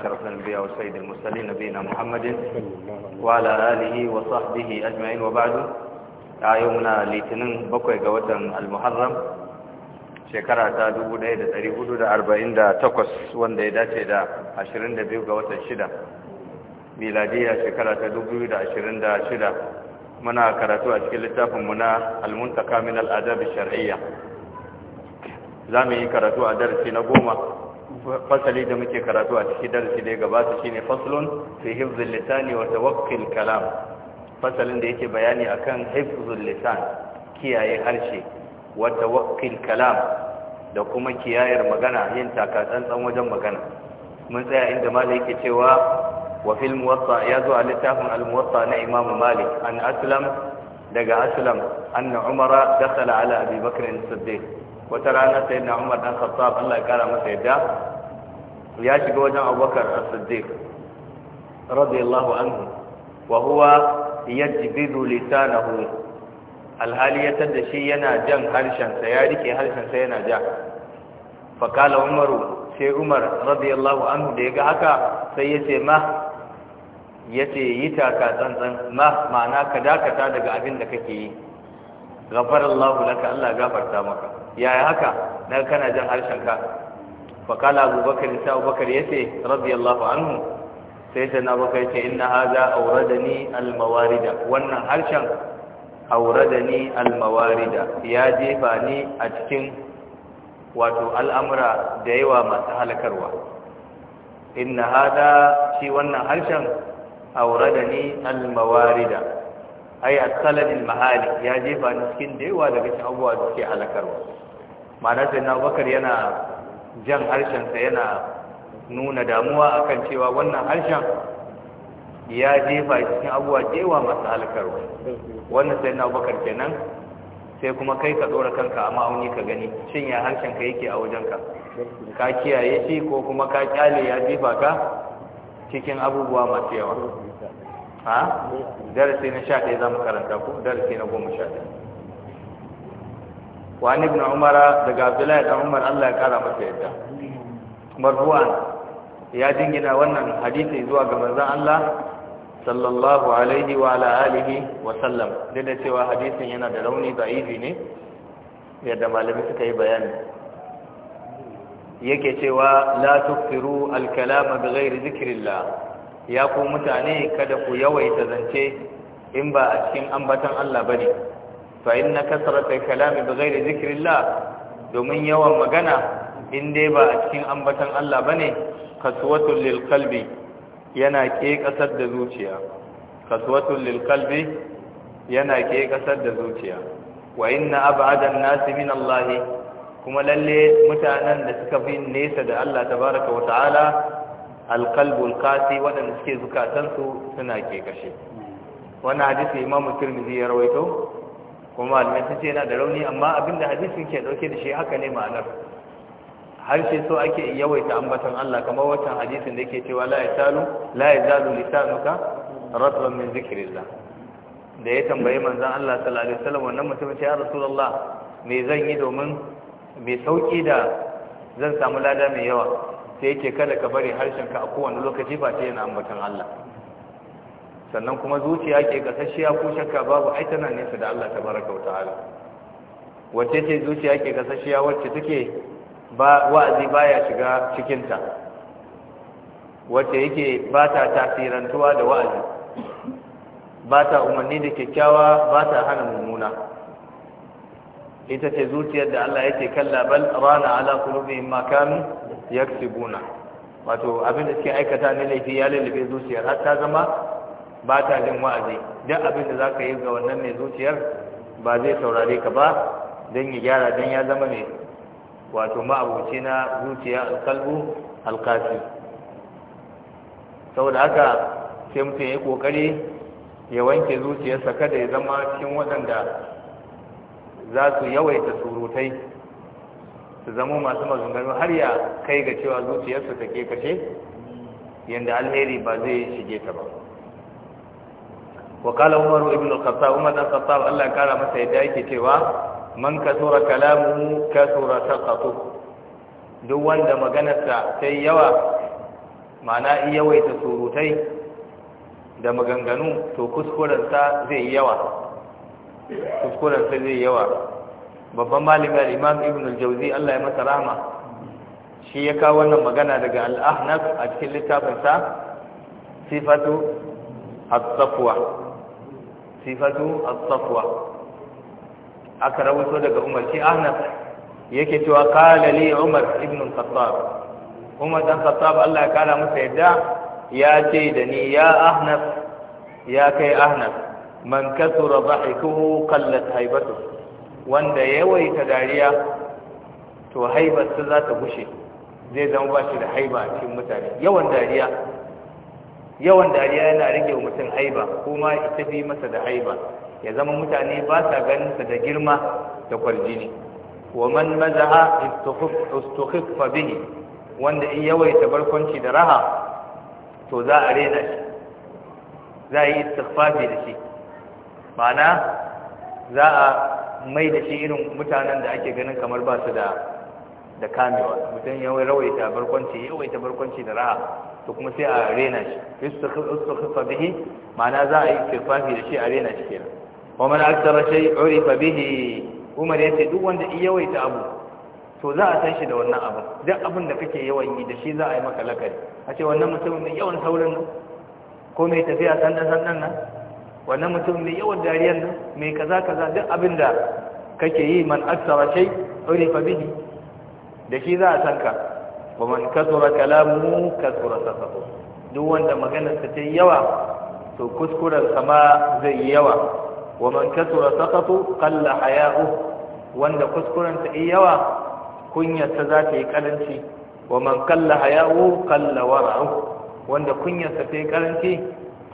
أشرف الأنبياء وسيد المرسلين نبينا محمد وعلى آله وصحبه أجمعين وبعد يومنا لتنين بقوي قوة المحرم shekara ta 1448 wanda ya dace da 22 ga watan 6 miladiya shekara ta 2026 muna karatu a cikin littafinmu na almuntaka min al'adab shar'iyya za mu yi karatu a darasi na goma fasali da muke karatu a cikin darasi da ya gabata shine faslun fi hifzil lisani wa tawakkil kalam fasalin da yake bayani akan hifzul lisan kiyaye harshe wa tawakkil kalam da kuma kiyayar magana yin tsantsan wajen magana mun tsaya inda malik yake cewa wa fil muwatta a littafin al muwatta na imam malik an aslam daga aslam anna umara dakhala ala abi bakr siddiq wata rana sai na umar dan khattab Allah ya kara masa yadda ya shiga wajen abubakar as-siddiq radiyallahu anhu wa huwa yajbidu lisanahu alhali ya da shi yana jan harshen sa ya rike harshen sa yana ja fa kala umaru sai umar radiyallahu anhu da yaga haka sai yace ma yace yi taka tsantsan ma ma'ana ka dakata daga abin da kake yi ghafarallahu laka Allah gafarta maka yaya haka na kana jan harshenka fakala abubakar sai abubakar ya ce radiyallahu anhu sai sai na baka ya ce inna haza auradani almawarida wannan harshen auradani almawarida ya jefa ni a cikin wato al'amura da yawa masu halakarwa inna hada shi wannan harshen auradani almawarida ai asalan mahali ya jefa ni cikin da daga cikin abubuwa da suke alakarwa ma'ana sai na bakar yana jan harshen sa yana nuna damuwa akan cewa wannan harshen ya jefa cikin abubuwa da yawa masu alakarwa wannan sai na bakar kenan sai kuma kai ka dora kanka a ma'auni ka gani shin ya harshen ka yake a wajen ka ka kiyaye shi ko kuma ka kyale ya jefa ka cikin abubuwa masu yawa ha darasi na sha ɗaya za mu karanta ku, darasi na goma sha ɗaya ibn Umar daga abdullahi dan umar allah ya kara masa yadda marfuwan ya dingina wannan hadisi zuwa ga manzon allah sallallahu alaihi wa ala alihi wa sallam duk da cewa hadisin yana da rauni da'ifi ne yadda malami suka yi bayani yake cewa la tukfiru al-kalama bi ghairi ya ku mutane kada ku yawaita zance in ba a cikin ambatan Allah bane fa inna kasrata kalami bighairi zikrillah domin yawan magana in dai ba a cikin ambatan Allah bane kaswatul lil qalbi yana ke kasar da zuciya kaswatul lil qalbi yana ke kasar da zuciya wa inna ab'ada an-nas min Allah kuma lalle mutanen da suka fi nesa da Allah tabaaraka wa ta'ala alqalbul qasi waɗanda suke zukatansu suna ke kashe Wani hadisi Imam Tirmidhi ya rawaito kuma malamai ce yana da rauni amma abinda hadisin ke ɗauke da shi haka ne ma'anar harshe so ake yawaita ambaton Allah kamar wancan hadisin da ke cewa la yasalu la yazalu lisanuka ratban min zikrillah da ya tambayi manzan Allah sallallahu alaihi wasallam wannan mutum ce ya rasulullah me zan yi domin me sauki da zan samu lada mai yawa sai yake kada ka bari harshenka a kowane lokaci ba ta yana ambatan Allah sannan kuma zuciya ke kasashiya ko shakka babu ai tana nesa da Allah tabaraka wa ta'ala wacce ce zuciya ke kasashiya wacce take ba wa'azi baya shiga cikin ta wacce yake ba ta tasirantuwa da wa'azi ba ta umarni da kyakkyawa ba ta hana mummuna ita ce zuciyar da Allah yake kalla bal rana ala qulubihim ma kanu yaksibuna wato abin da suke aikata ne laifi ya lullube zuciyar har ta zama ba ta jin wa'azi duk abin da za ka yi ga wannan mai zuciyar ba zai saurare ka ba don ya gyara don ya zama mai wato ma'abuci na zuciya alkalbu alkafi saboda haka sai mutum ya yi kokari ya wanke zuciyarsa kada ya zama cikin waɗanda za su yawaita surutai su zama masu mazungami har ya kai ga cewa zuciyarsa ta ke kashe yadda alheri ba zai shige ta ba Wakala وقال al ابن Umar da بن الخطاب ya kara masa yadda yake cewa man kasura ka kasura taqatu duk wanda maganarsa ta yi yawa ma'ana yawaita surutai da maganganu to kuskurensa zai yawa kuskurensa zai yawa babban malami al-imam ibn al-jawzi Allah ya masa rahma shi ya kawo wannan magana daga al-ahnaf a cikin littafinsa sifatu as-safwa sifatu as-safwa aka rawaito daga Umar shi ahnaf yake cewa qala li Umar ibn al-Khattab Umar dan Khattab Allah ya kara masa yadda ya ce da ni ya ahnaf ya kai ahnaf man kasura dhahikuhu qallat haibatuhu wanda yawaita dariya to haibarsa za ta gushe zai zama ba shi da haiba a cikin mutane yawan dariya yawan dariya yana rage wa mutum haiba kuma ita fi masa da haiba ya zama mutane ba sa ganinsa da girma da kwarjini wa man mazaha istukhiffa bihi wanda in yawaita barkwanci da raha to za a rena shi za a yi istighfar da shi ma'ana za a mai da shi irin mutanen da ake ganin kamar ba su da kamewa mutum ya rawaita barkwanci ta barkwanci da raha to kuma sai a rena shi yustakhifa bihi ma'ana za a yi kirfafi da shi a rena shi kenan wa man aktsara shay urifa bihi umar yace duk wanda yawaita abu to za a san shi da wannan abu duk abin da kake yawan yi da shi za a yi maka lakari a ce wannan mutumin mai yawan saurin nan ko mai tafiya sandan sandan nan wannan mutum mai yawan dariyar nan mai kaza kaza duk abin da kake yi man aksara shay urifa bihi da shi za a sanka. ka wa man kasura kalamu kasura safahu duk wanda maganar ta ta yawa to kuskuren sa zai yi yawa wa man kasura safahu qalla haya'u wanda kuskuren ta yi yawa kunyar ta za ta yi karanci wa man qalla haya'u qalla wara'u wanda kunyar ta yi karanci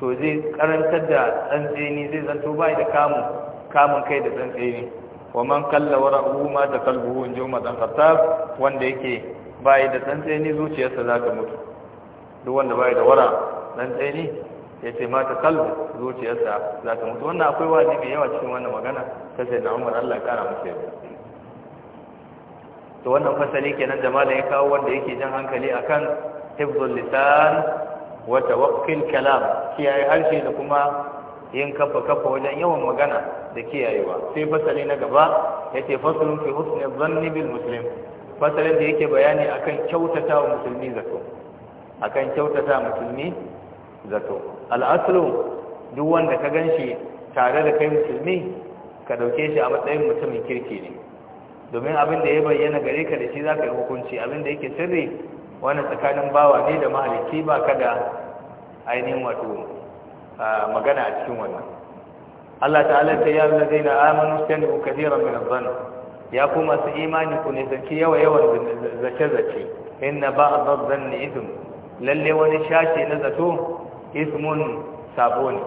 to zai karantar da tsantseni zai zanto bai da kamun kamun kai da tsantseni wa man kalla wara'uhu ma ta kalbuhu in juma dan khattab wanda yake bai da tsantseni zuciyarsa za ta mutu duk wanda bai da wara tsantseni ya ce mata kalbu zuciyarsa za ta mutu wannan akwai wajibi yawa cikin wannan magana ta sai na Umar Allah ya kara masa yabo to wannan fasali kenan da malamin ya kawo wanda yake jan hankali akan hifzul lisan wa tawakkil kalam kiyaye harshe da kuma yin kafa kafa wajen yawan magana da kiyayewa sai fasali na gaba ce fasalin fi husni dhanni bil muslim fasalin da yake bayani akan kyautata wa musulmi zato akan kyautata musulmi zato al'aslu duk wanda ka ganshi tare da kai musulmi ka dauke shi a matsayin mutumin kirki ne domin abin da ya bayyana gare ka da shi zaka yi hukunci abin da yake sirri wani tsakanin bawa ne da mahalicci ba ka da ainihin wato magana a cikin wannan Allah ta'ala ta ya lazina amanu sanu kathiran min adh-dhann ya kuma su imani ku ne zanki yawa yawan zace zace inna ba'd adh-dhann ithm lalle wani shashi na zato ismun sabo ne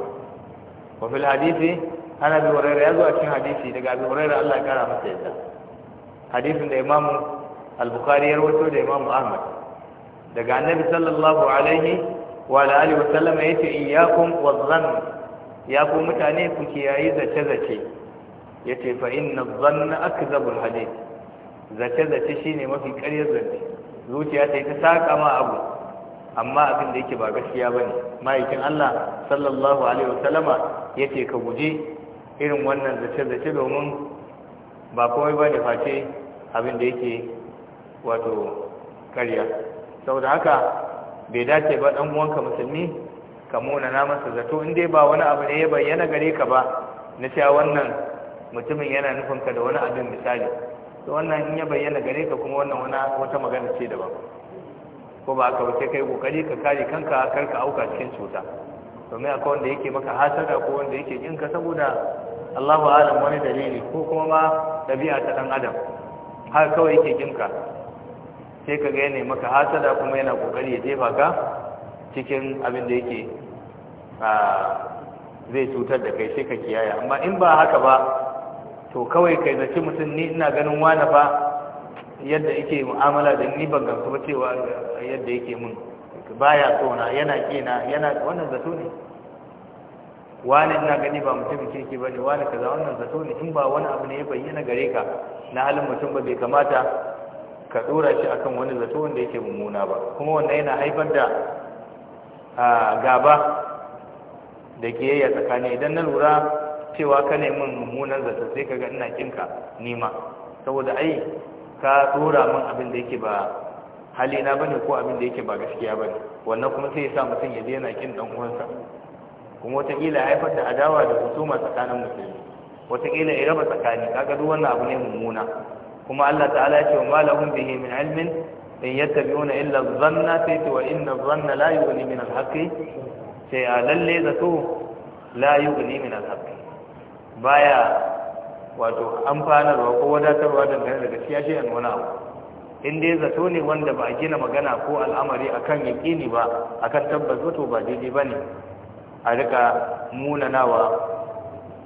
wa fil hadisi ana bi hurairah yazo a cikin hadisi daga bi hurairah Allah ya kara masa yadda hadisin da Imam al-Bukhari ya rawaito da Imam Ahmad daga Annabi sallallahu alaihi wa alihi wa sallama yace iyyakum wadh zan ya ku mutane ku kiyaye zace zace yace fa inna adh-dhanna akdhabul hadith zace zace shine mafi ƙaryar zance zuciya ta ta saka ma abu amma abin da yake ba gaskiya bane ma'aikin Allah sallallahu alaihi wa sallama yace ka guje irin wannan zace zace domin ba komai ba ne face abin da yake wato karya saboda haka bai dace ba ɗan uwanka musulmi ka muna na masa zato in dai ba wani abu ne ya bayyana gare ka ba na cewa wannan mutumin yana nufin ka da wani abin misali to wannan in ya bayyana gare ka kuma wannan wani wata magana ce daban ko ba aka wuce kai kokari ka kare kanka kar ka auka cikin cuta domin akwai wanda yake maka hasada ko wanda yake jin ka saboda Allahu alam wani dalili ko kuma ma dabi'a ta dan adam har kawai yake kinka sai ka ga yana maka hasada kuma yana kokari ya jefa ka cikin abin da yake zai cutar da kai sai ka kiyaye amma in ba haka ba to kawai kai zaci mutum ni ina ganin wani fa yadda yake mu'amala da ni ban gamsu ba cewa yadda yake mun baya tsona yana kina yana wannan zato ne wani ina gani ba mutum ke ba ne wani kaza wannan zato ne in ba wani abu ne ya bayyana gare ka na halin mutum ba bai kamata ka dora shi akan wani zato wanda yake mummuna ba kuma wannan yana haifar da gaba da kiyayya tsakani idan na lura cewa ka nemi mummunan zato sai ka ga ina kinka nima saboda ai ka dora min abin da yake ba halina bane ko abin da yake ba gaskiya bane wannan kuma sai ya sa mutum ya daina kin dan uwansa kuma wataƙila haifar da adawa da husuma tsakanin wata wataƙila ya raba tsakani kaga duk wannan abu ne mummuna kuma Allah ta'ala ya ce wa malahum bihi min ilmin in yattabi'una illa zanna sai ce wa inna zanna la yughni min al sai a lalle zato la gani min alhaki. baya wato amfanarwa ko wadatarwa dangane da gaskiya shi an wani abu in dai zato ne wanda ba a gina magana ko al'amari akan yaƙini ba a kan tabbas wato ba daidai ba ne a rika munanawa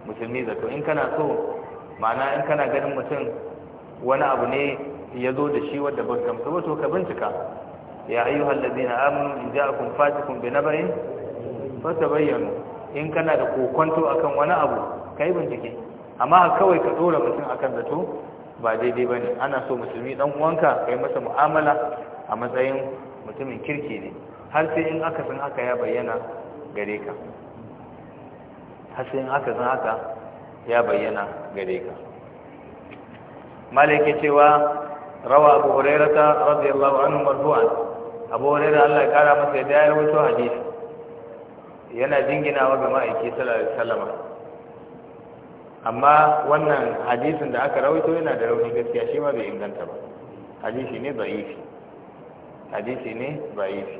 musulmi zato in kana so ma'ana in kana ganin mutum wani abu ne ya zo da shi wadda ba gamsu ba to ka bincika ya ayyuhal ladina amanu in Fati kun bi na fasa bayyano. in kana da kokonto kan wani abu ka yi bincike amma kawai ka dora mutum a kan zato ba daidai ba ne. ana so musulmi dan uwanka ka yi masa mu'amala a matsayin mutumin kirki ne har sai in aka san haka ya bayyana gare ka har sai in aka san haka ya bayyana gare ka malaki cewa rawa abu hurairata radiyallahu anhu marfu'an abu huraira Allah ya kara masa ya dayar wato hadisi yana jinginawa ga ma'aiki sallallahu alaihi wasallam amma wannan hadisin da aka rawaito yana da rauni gaskiya shi ma bai inganta ba hadisi ne da'ifi hadisi ne da'ifi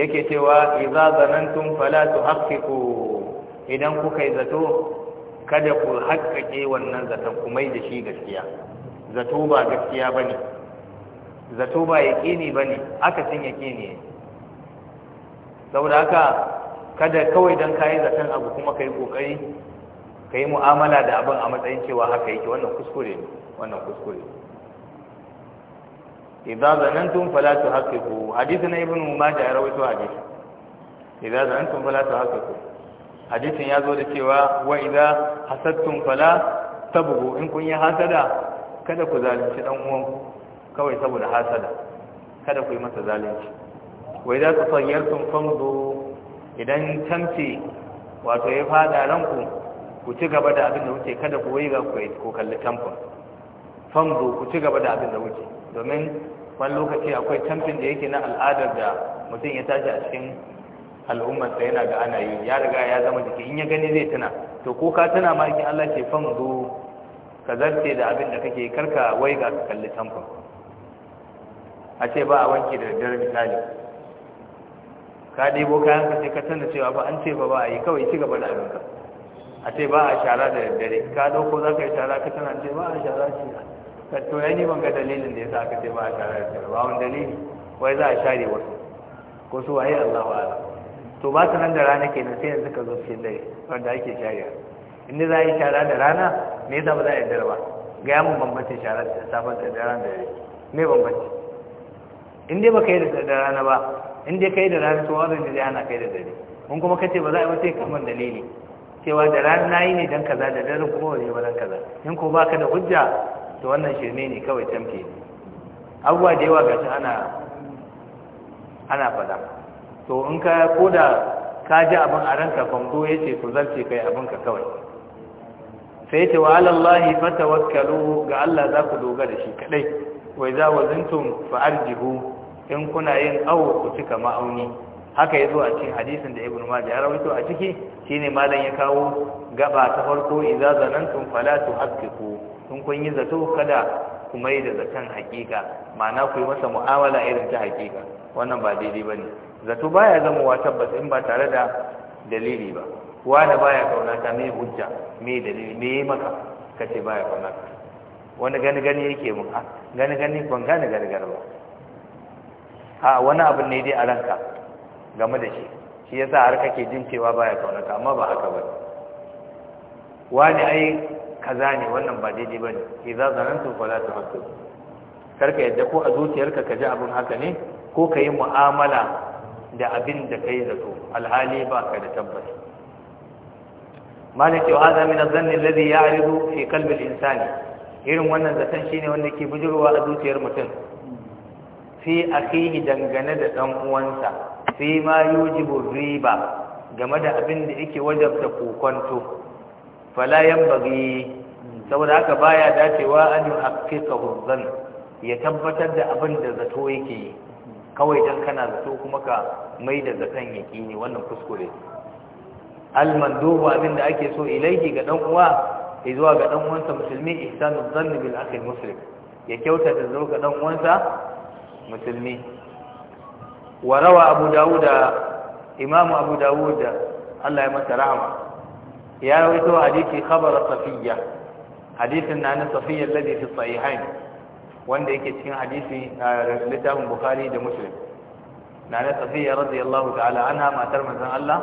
yake cewa idza zanantum fala tuhaqqiqu idan kuka yi zato kada ku haƙƙaƙe wannan zaton ku mai da shi gaskiya zato ba gaskiya ba ne zato ba yaƙini ba ne aka cin yaƙini ne saboda haka kada kawai don kayi zaton abu kuma ka yi ƙoƙari ka yi mu'amala da abin a matsayin cewa haka yake wannan kuskure ne wannan kuskure idza zanantum fala tuhaqqiqu hadithuna ibnu majah rawaito hadith idza zanantum fala tuhaqqiqu hadisin ya zo da cewa wa idza hasadtum fala tabghu in kun yi hasada kada ku zalunci dan uwanku kawai saboda hasada kada ku yi masa zalunci wa idza tasayyartum famdu idan tamce wato ya fada ranku ku ci gaba da abin da wuce kada ku waiga ku kalli tamfin famdu ku ci gaba da abin da wuce domin wani lokaci akwai tamfin da yake na al'adar da mutum ya tashi a cikin al'ummarsa yana ga ana yi ya riga ya zama jiki in ya gani zai tuna to ko ka tuna ma in Allah ce fan zo ka zarce da abin da kake karka wai ga ka kalli tamfon a ce ba a wanke da daddare misali ka ɗebo kayan ka sai ka tana cewa ba an ce ba ba a yi kawai ci gaba da ka. a ce ba a shara da daddare ka ɗauko za ka yi shara ka tana ce ba a shara shi ka to ya ni ban ga dalilin da ya sa aka ce ba a shara da daddare ba wani dalili wai za a share wasu ko su waye Allahu a'lam to ba su nan da rana kenan sai yanzu ka zo cikin dare wanda ake shari'a inda za a yi shara da rana me ya zama za a yi dare ga yamun bambancin shara da safar da rana da yare me bambanci inda ba ka yi da rana ba inda ka yi da rana to wannan da zai kai da dare Mun kuma ka ce ba za a yi wata sai kamar dalili cewa da rana na yi ne don kaza da dare kuma wani ba don kaza in ko ba ka da hujja to wannan shirme ne kawai tamke abubuwa da yawa gashi ana ana faɗa to in ka koda ka ji abin a ranka kwamdo ya ce ku zarce kai abin ka kawai sai ce wa alallahi fatawakkalu ga Allah za ku da shi kadai wai za wazintum fa arjihu in kuna yin awo ku cika ma'auni haka ya zo a cikin hadisin da ibn maji ya rawaito a ciki shine malam ya kawo gaba ta farko idza zanantum fala tuhaqqiqu in kun yi zato kada ku mai da zaton hakika ma'ana ku yi masa mu'amala irin ta hakika wannan ba daidai bane zato baya zama wa tabbas in ba tare da dalili ba wanda baya kauna ta me hujja me dalili me maka kace baya kauna ka wani gani gani yake mun a ah, gani gani ban gane gani gani ba a ah, wani abin ne dai a ranka game da shi shi yasa har kake jin cewa baya kauna ta amma ba haka ba wani ai kaza ne wannan ba daidai bane idza zanantu fala tuhaddu karka yadda ko a zuciyarka ka ji abin haka ne ko ka yi mu'amala da abin da kai zato alhali ba ka da tabbas malik yau hada min azanni alladhi ya'ridu fi qalbi al-insani irin wannan zaton shine wanda ke bujurwa a zuciyar mutum fi akhihi dangane da dan uwansa fi ma yujibu riba game da abin da yake wajabta kokonto fala yanbaghi saboda haka baya dacewa an yuhaqqiqa zan ya tabbatar da abin da zato yake yi kawai don kana zato kuma ka mai da zakan ne wannan kuskure almandubu abin da ake so ilaihi ga dan uwa ya zuwa ga dan uwansa musulmi ihsanu dhanni bil akhi muslim ya kyautata zo ga dan uwansa musulmi wa rawa abu dawud imam abu dawud Allah ya masa rahama ya rawaito hadisi khabar safiya hadisin na na safiya alladhi fi sahihain wanda yake cikin hadisi littafin bukhari da muslim na na safiya radiyallahu ta'ala anha matar manzon Allah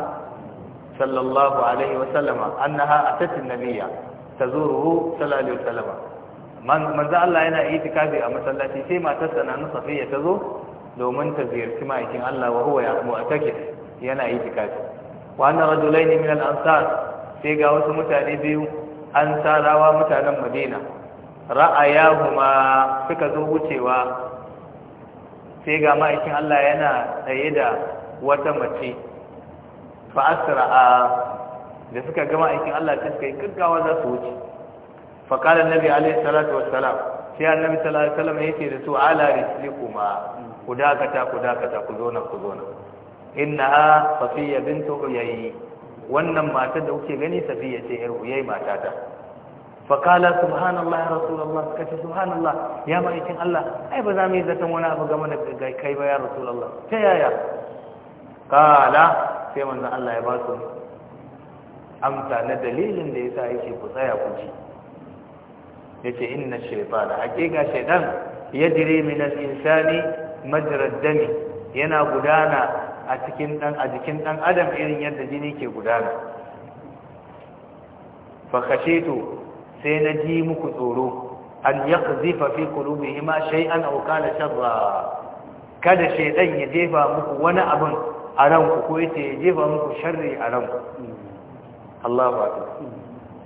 sallallahu alaihi wa sallama annaha atat an-nabiyya tazuruhu sallallahu alaihi wa sallama manzon Allah yana itikafi a masallaci sai matar sa na safiya tazo domin ta ziyarci ma'aikin Allah wa huwa ya'mu atakif yana itikafi wa anna rajulaini min al-ansar sai ga wasu mutane biyu an ansarawa mutanen Madina kuma suka zo wucewa sai ga ma'aikin Allah yana tsaye da wata mace fa asra'a da suka ga ma'aikin Allah sai suka yi gaggawa za su wuce fa kala annabi alaihi salatu wassalam sai annabi sallallahu alaihi wasallam yake da su ala rislikuma ku dakata ku dakata ku zona ku zona na innaha safiya bintu uyayi wannan mata da kuke gani safiya ce yar mata matata faƙala subhanallah ya rasulallah suka ce subhanallah ya ma'aikin Allah ai ba za mu yi zaton wani abu game da kai ba ya rasulallah ta yaya ƙala sai manzan Allah ya ba su amsa na dalilin da ya sa yake ku tsaya ku ji ya ce inna shaifana hakika shaidan ya jire minan insani majarar dami yana gudana a cikin dan a jikin dan adam irin yadda jini ke gudana fa khashitu sai na ji muku tsoro an yaqzifa fi qulubihima shay'an aw kana sharra kada shaydan ya jefa muku wani abun a ranku ko yace ya jefa muku sharri a ranku Allahu akbar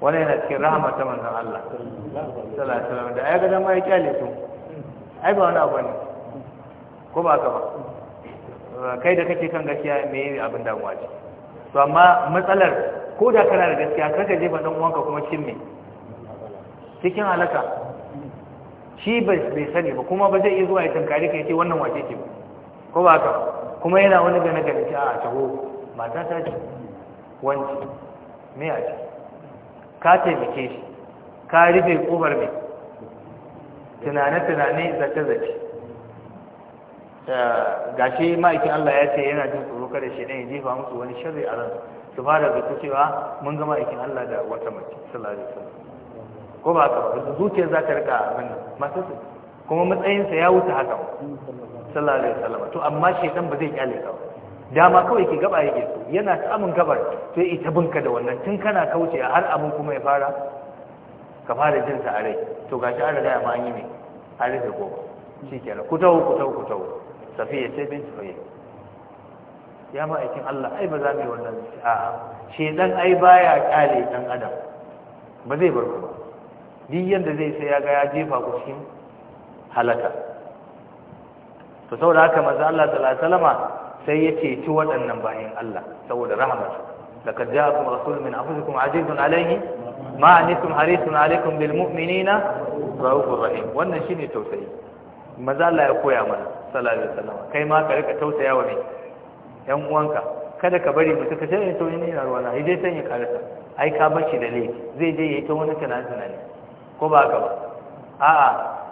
wannan yana cikin rahama ta Allah sallallahu alaihi wasallam da ayaga da mai kyale su ai ba wani abu ne ko ba ka ba kai da kake kan gaskiya me yi abin damuwa ce to amma matsalar ko da kana da gaskiya kaka jefa dan uwanka kuma cin me cikin halaka shi bai sani ba kuma ba zai iya zuwa ya tankari ka ce wannan wace ce ba ko ba haka kuma yana wani gane gane ce a taho mata ta ce wanci me a ce ka taimake shi ka rufe kofar mai tunane-tunane zace-zace gashi ma'aikin Allah ya ce yana jin tsoro kada shi ne ya jefa musu wani shirri a ransu su fara da cewa mun ga ma'aikin Allah da wata mace sallallahu alaihi wasallam ko ba ka zuciya za ta rika abin nan masu su kuma matsayinsa ya wuce haka sallallahu alaihi wasallam to amma shedan ba zai kyale ka ba dama kawai ke gaba yake so yana samun gabar to ita binka da wannan tun kana kauce har abin kuma ya fara ka fara jin sa a rai to gashi an riga ma an yi ne an rufe goma shikenan ku tawo ku tawo ku tawo safiya sai bin safiya ya ma aikin Allah ai ba za mu yi wannan a'a shedan ai baya kyale dan adam ba zai bar ku ba duk yanda zai sai ya ga ya jefa ku cikin halaka to saboda haka manzo Allah sallallahu alaihi wasallam sai ya ceci waɗannan bayan Allah saboda rahmat laqad ja'akum rasulun min anfusikum azizun alayhi ma anitum harisun alaykum bil mu'minina rahufur rahim wannan shine tausayi manzo Allah ya koya mana sallallahu alaihi wasallam kai ma ka rika tausaya wa mai yan uwanka kada ka bari mutum ka ce ne eh, to ni na ruwana idai san ya karasa ai ka bar shi da laifi zai je yayi ta wani kana tunani ko ba ka ba a'a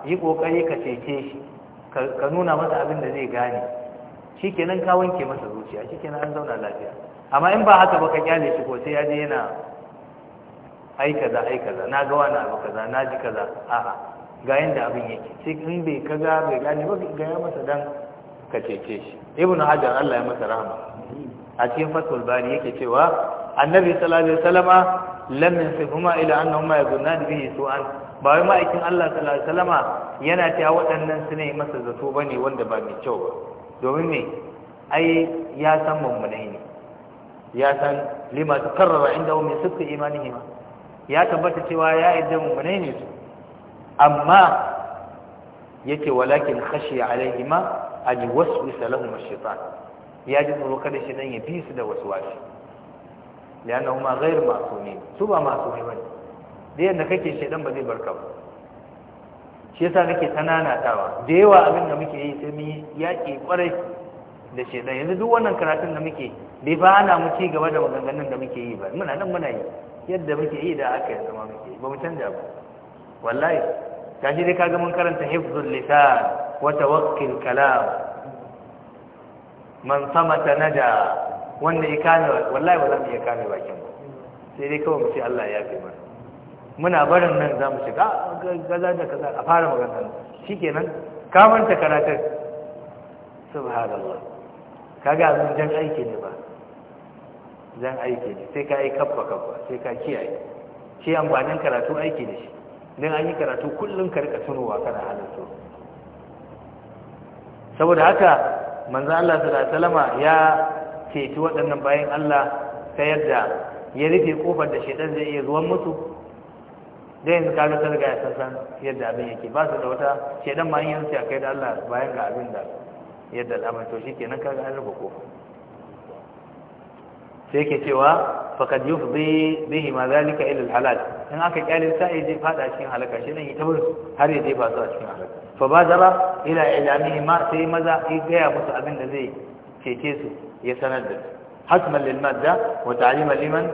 yi kokari ka cece shi ka nuna masa abin da zai gane shikenan ka wanke masa zuciya shikenan an zauna lafiya amma in ba haka ba ka kyale shi ko sai ya je yana ai kaza ai kaza na ga wani abu kaza na ji kaza a'a ga yanda abin yake sai in bai kaga bai gane ba ga ya masa dan ka cece shi ibnu hajar Allah ya masa rahama a cikin fatul bari yake cewa annabi sallallahu alaihi wasallama lam yasifuma ila annahuma yazunnani bihi su'an ba wai ma'aikin Allah sallallahu alaihi wasallama yana ta waɗannan su ne masa zato bane wanda ba mai kyau ba domin me ai ya san mummunai ne ya san lima takarrara inda min sukka imanihim ya tabbata cewa ya yadda mummunai ne su amma yake walakin khashiya alaihima an yuwaswisa lahum ash-shaytan ya ji tsoro kada shi dan ya bi su da waswasi gairu masu ne su ba masu ne bane da yadda kake shaidan ba zai barka ba shi yasa nake tawa da yawa abin da muke yi sai mun yaƙi kwarai da shaidan yanzu duk wannan karatun da muke bai ba ana mu ci gaba da maganganun da muke yi ba muna nan muna yi yadda muke yi da aka yi zama muke ba mu canja ba wallahi Ta ji dai ka mun karanta hifzul lisan wa tawakkil kalam man samata nada wanda ya kame wallahi ba za mu iya kame bakin ba sai dai kawai mu ce Allah ya fi mana muna barin nan za mu shiga gaza da kaza a fara magana shikenan kamanta karatun subhanallah kaga abin jan aiki ne ba zan aiki ne sai ka yi kabba kabba sai ka kiyaye shi amfanin karatu aiki ne shi don an yi karatu kullum karka tunowa kana so saboda haka manzo Allah salama ya ceci waɗannan bayan Allah ta yadda ya rufe ƙofar da shaidan zai iya zuwan musu da yanzu kaga ta riga ya san yadda abin yake ba su da wata shaidan ma yin yanzu ya kai da Allah bayan ga abin da yadda al'amari to shi kenan kaga an rufe ƙofa. sai ke cewa faqad yufdi bihi ma zalika ila al-halal in aka kyale ya je fada cikin halaka shi ne ita wurin har ya je ba su cikin halaka fa ba bazara ila ilamihi ma sai maza ya gaya musu abin da zai cece su ya sanar da hatman lil madda wa ba liman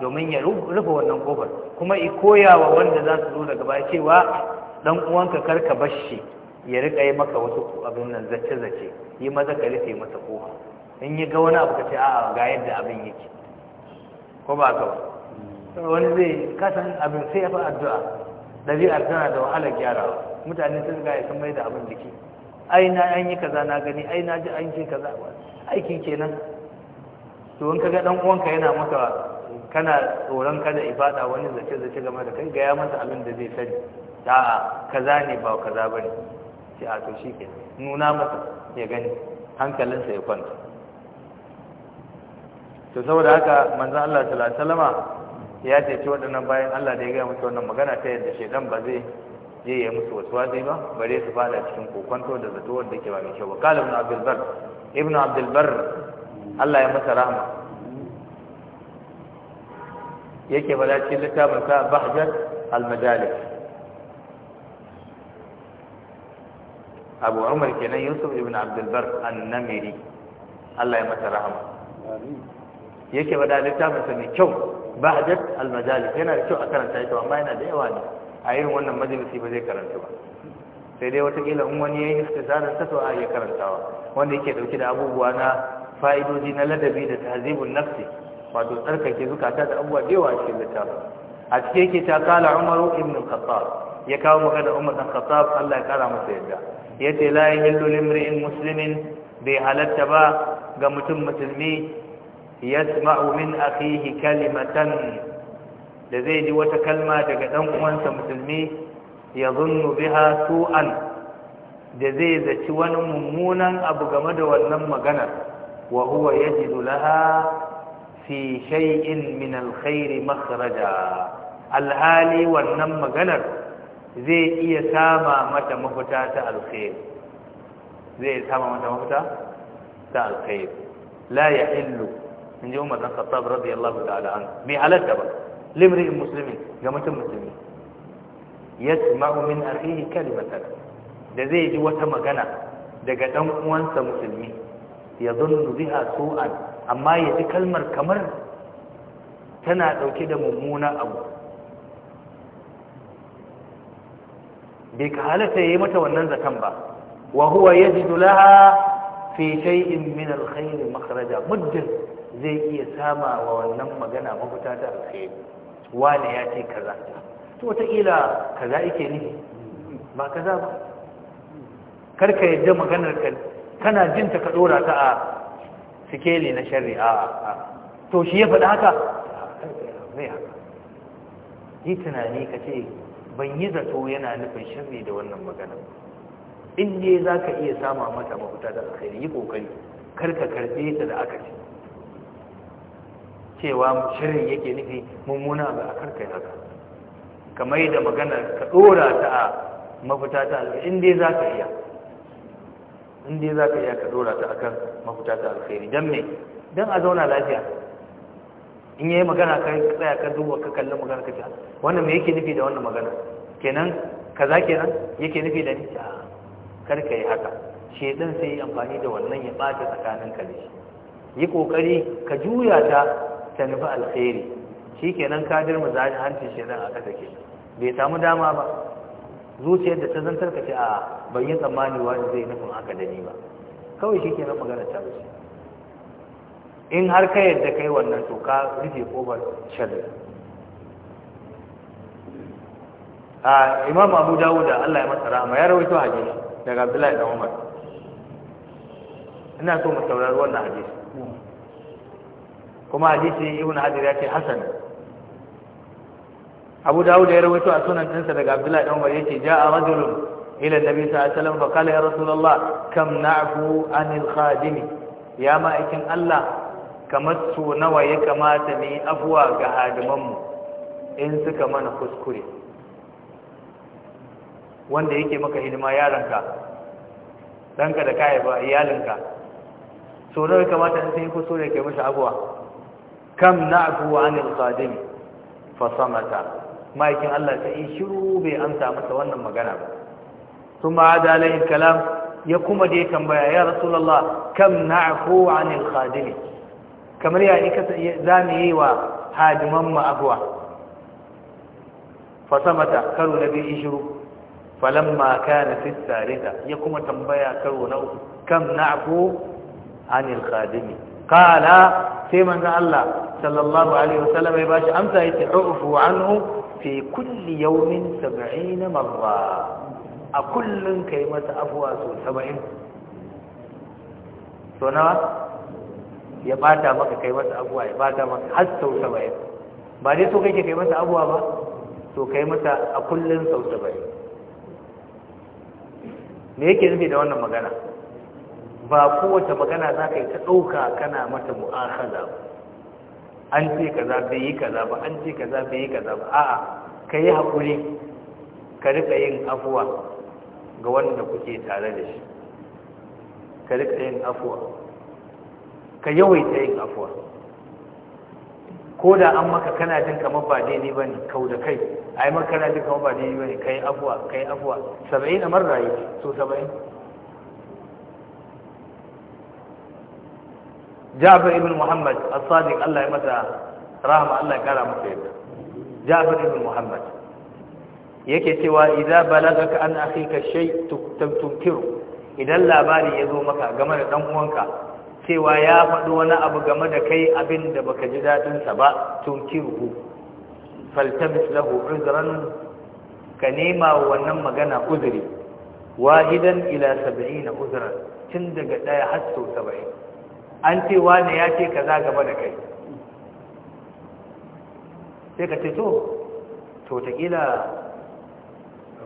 domin ya rufe wannan kofar kuma i koyawa wanda za su zo da baya cewa dan uwanka kar karka bashi ya rika yi maka wasu abin zace zace yi maza ka rufe masa kofa in yi ga wani abu ka ce a'a ga yadda abin ko ba ka wani zai kasan abin sai ya fi addu'a ɗabi'ar tana da wahalar gyara mutane sun ga ya sun mai da abin jiki ai na an yi kaza na gani ai na ji an ce kaza aiki kenan to in kaga dan uwanka yana maka kana tsoron kada ifada wani zace zace game da kai ga ya masa abin da zai sani da'a kaza ne ba kaza bane sai a to shi nuna masa ya gani hankalinsa ya kwanta to saboda haka manzon Allah sallallahu alaihi wasallama ya ce waɗannan bayan Allah da ya gaya mutum wannan magana ta yadda shedan ba zai zai yi musu wasu wasu ba bare su fada cikin kokonto da zato wanda ke ba mai kyau ba kala ibn abdulbar ibn abdulbar Allah ya masa rahama yake bada cikin littafin sa bahjar al Abu Umar kenan Yusuf ibn Abdulbar annamiri Allah ya masa rahama yake bada littafin sa mai kyau bahjar al yana da kyau a karanta shi amma yana da yawa ne a irin wannan majalisi ba zai karanta ba sai dai watakila in wani ya yi iftisarin ta to a iya karantawa wanda yake dauke da abubuwa na fa'idoji na ladabi da tahzibun nafsi wato tsarkake zukata da abubuwa da yawa a cikin littafin a cikin yake ta kala umaru ibn khattab ya kawo magana umar dan khattab Allah ya kara masa yadda yace la yahillu limri'in muslimin bai halatta ba ga mutum musulmi yasma'u min akhihi kalimatan da zai ji wata kalma daga dan uwansa musulmi ya zunnu biha su'an da zai zaci wani mummunan abu game da wannan magana wa huwa yajidu laha fi shay'in min alkhairi makhraja alhali wannan maganar zai iya sama mata mafita ta alkhair zai sama mata mafita ta alkhair la yahillu in ji umar dan khattab radiyallahu ta'ala an bi halatta ba limri'in musulmi ga mutum musulmi yasma'u min akhihi kalimatan da zai ji wata magana daga dan uwansa musulmi ya zunnu biha su'an amma ya ji kalmar kamar tana dauke da mummuna abu bai ka halatta yayi mata wannan zakan ba wa huwa yajidu laha fi shay'in min alkhair makhraja muddin zai iya sama wa wannan magana mafita ta alkhairi wane ya ce kaza to wataƙila kaza yake ne ba kaza ba karka yadda maganar ka kana jin ta ka ɗora ta a sikeli na shari'a to shi ya faɗi haka haka yi tunani ka ce ban yi zato yana nufin shirri da wannan magana in dai za ka iya sama mata mafita da akari yi kokari karka karɓe ta da aka ce cewa shirin yake nufi mummuna ba a karkai haka kamar da magana ka dora ta a mafita ta alkhairi in dai za ka iya inda za ka iya ka dora ta akan mafita ta alkhairi don me don a zauna lafiya in yi magana ka tsaya ka duba ka kalli magana ka ta wannan me yake nufi da wannan magana kenan ka za kenan yake nufi da ni a karka yi haka shedan sai amfani da wannan ya ɓata tsakanin ka yi ƙoƙari ka juya ta ta nufi alkhairi shi kenan kadir mu zaji hancin shi nan aka take bai samu dama ba zuciyar da ta zantar ka ce a ban yi tsammani wani zai nufin haka da ni ba kawai shi kenan magana ta ba. in har ka yadda kai wannan to ka rufe kofar sharri a imam abu dawud da Allah ya masa rahama ya rawaito hadisi daga abdullahi da umar ina so mu saurari wannan hadisi kuma hadisi ibn hajar ya ce hasan abu dawud ya rawaito a sunan ɗinsa daga abdullahi dan umar yace ja'a rajulun ila annabi sallallahu alaihi wasallam fa qala ya rasulullah kam na'fu anil khadim ya ma'aikin allah kamar su nawa ya kamata mu yi afuwa ga hadimanmu in suka mana kuskure wanda yake maka hidima yaranka ɗanka da kaya ba iyalinka so nawa ya kamata in sun yi kuskure ke musu abuwa kam na'tu anil qadim fa samata maikin Allah ta yi shiru bai amsa masa wannan magana ba kuma adalai kalam ya kuma da tambaya ya rasulullah kam na'fu anil khadim kamar ya ika zamu yi wa hadiman mu afwa fa samata karo na biyu shiru falamma kana fi salita ya kuma tambaya karo na uku kam na'fu anil khadim qala sai manzon Allah sallallahu alaihi wasallam ya bashi amsa yace ufu anhu fi kulli yawmin 70 marra a kullun kai masa afwa so 70 so nawa ya bata maka kai masa afwa ya bata maka har sau 70 ba dai so kake kai masa afwa ba to kai masa a kullun sau 70 me yake nufi da wannan magana ba kowace magana za ka yi ta ɗauka kana mata ba? an ce ka za bai yi za ba an ce ka za bai yi za ba a'a ka yi haƙuri ka riƙa yin afuwa ga wanda kuke tare da shi ka riƙa yin afuwa ka yawaita yin afuwa ko da an maka kana jin kamar ba daidai ba ne kau da kai a yi maka kana jin kamar ba daidai ba ne ka yi afuwa ka yi afuwa saba'in a marar so saba'in Jafar ibn Muhammad as-Sadiq Allah ya mata rahama Allah ya kara masa yadda Jafar ibn Muhammad yake cewa idza balagaka an akhika shay tunkiru idan labari ya zo maka game da dan uwanka cewa ya faɗi wani abu game da kai abin da baka ji dadin sa ba tunkiru faltabis lahu uzran ka nema wannan magana uzuri wahidan ila 70 uzran tun daga daya har sau 70 an ce wane ya ce kaza gaba da kai sai ka ce to to taƙila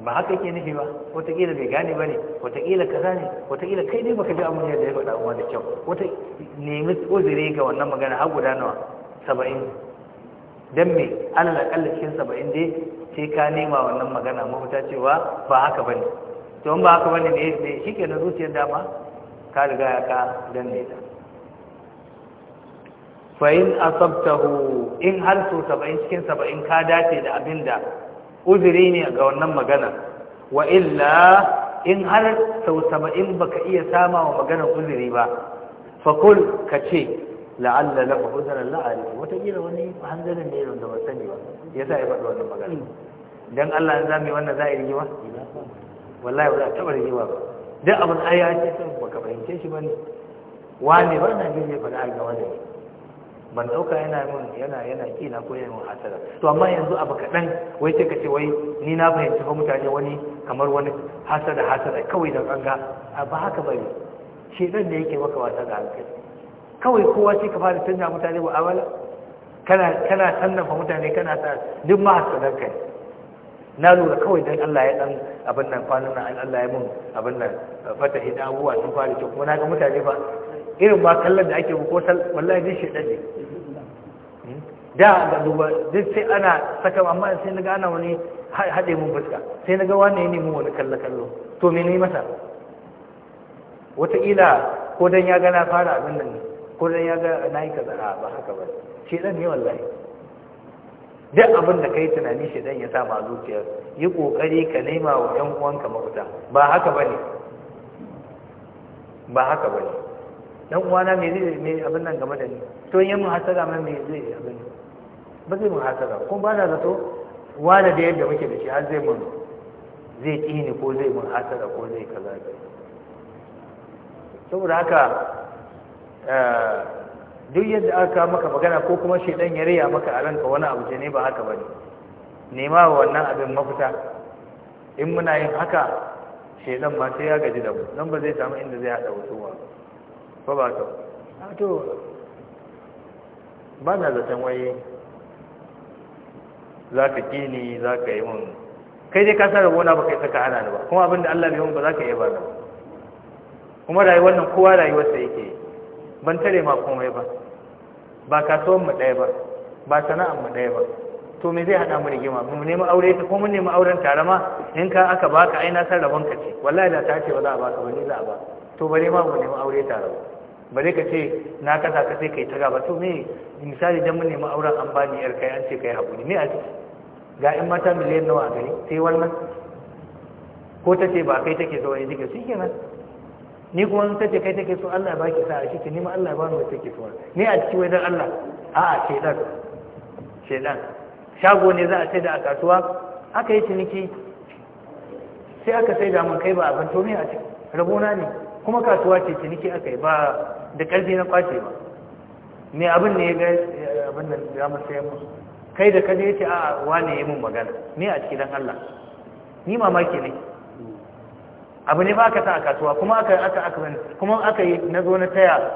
ba haka ke nufi ba wataƙila bai gane ba ne wataƙila kaza ne wataƙila kai ne baka ji abin yadda ya faɗa kuma da kyau wata nemi tsozire ga wannan magana har guda nawa saba'in don me alal aƙalla cikin saba'in dai sai ka nema wannan magana mafita cewa ba haka ba ne to ba haka ba ne ne shi ke na zuciyar dama ka riga ya ka danne ta fa'in asabtahu in har so saba'in cikin saba'in ka dace da abin da uzuri ne ga wannan magana wa illa in har sau saba'in baka iya sama wa maganar uzuri ba fakul ka ce la'alla laka uzurin la'ari watakila wani hanzarin ne da ba sani ba ya sa ya faɗi wannan magana don allah za mu yi wannan za a yi rigiwa wallahi ba za a taɓa rigiwa ba duk abin aya ce ba ka fahimce shi ba ne wane ba na jin ya faɗa a ga wani ban dauka yana min yana yana kina ko yana hasara to amma yanzu abu kadan wai sai ka ce wai ni na fahimci fa mutane wani kamar wani hasara hasara kawai da kanga ba haka bane dan da yake maka wasa ga hankali kawai kowa sai ka fara tunja mutane ba awala kana kana sannafa mutane kana sa duk ma hasadan kai na lura kawai dan Allah ya dan abin nan kwanan nan Allah ya mun abin nan eh, fata hidabuwa sun fara ce kuma na ga mutane ba irin ba kallon da ake ko wallahi dai shi ne da ba duba duk sai ana saka amma sai naga ana wani haɗe mun fuska sai naga wani ne nemi wani kalla kallo to me ne masa wataƙila ko dan ya ga na fara abin nan ko dan ya ga na yi kaza a ba haka ba shi dan ne wallahi duk abin da kai tunani shi dan ya sa ma zuciyar yi kokari ka nema wa 'yan uwanka mafita ba haka bane ba haka bane dan uwana me zai me abin nan game da ni to yin hasara mai me zai abin ba zai mun hasara kuma ba na zato wani da yadda muke da shi har zai mun zai ƙini ko zai mun hasara ko zai kaza saboda haka eh, duk yadda aka maka magana ko kuma shaidan ya riya maka a ranka wani abu ne ba haka ba ne nema wa wannan abin mafita in muna yin haka shaidan ma sai ya gaji da mu nan ba zai samu inda zai haɗa wasu ba ba ba to ba na zaton waye za ka ƙi ni za ka yi mun kai dai ka san wani ba kai saka hana ni ba kuma abin da Allah bai mun ba za ka yi ba kuma rayuwar nan kowa rayuwarsa yake ban tare ma komai ba ba kasuwan mu ɗaya ba ba sana'ar mu ɗaya ba to me zai hada mu rigima mu nemi aure ta ko mun nemi auren tare ma in ka aka baka ai na san rabon ka ce wallahi da ta ce ba za a baka ba ni za a ba to bare ma mu nemi aure tare ba ba ka ce na kasa ka sai kai ta ba to me misali dan mun nemi auren an bani yar kai an ce kai hakuri me a ciki ga in mata miliyan nawa a gari sai wannan ko ta ce ba kai take so wani take shi kenan ni kuma ta ce kai take so Allah ya baki a shi ni ma Allah ya bani wata take so ne a ciki wai dan Allah a'a shedan shedan shago ne za a sai da a kasuwa aka yi ciniki sai aka sai da mun kai ba abin to me a ciki rabona ne kuma kasuwa ce ciniki aka yi ba da ƙarfi na kwace ba ne abin ne ya gaya abin da ya musaya musu kai da kaje yace a wane ya mun magana ne a cikin Allah ni mamaki ne abu ne ba ka sa a kasuwa kuma aka aka aka kuma aka yi zo na taya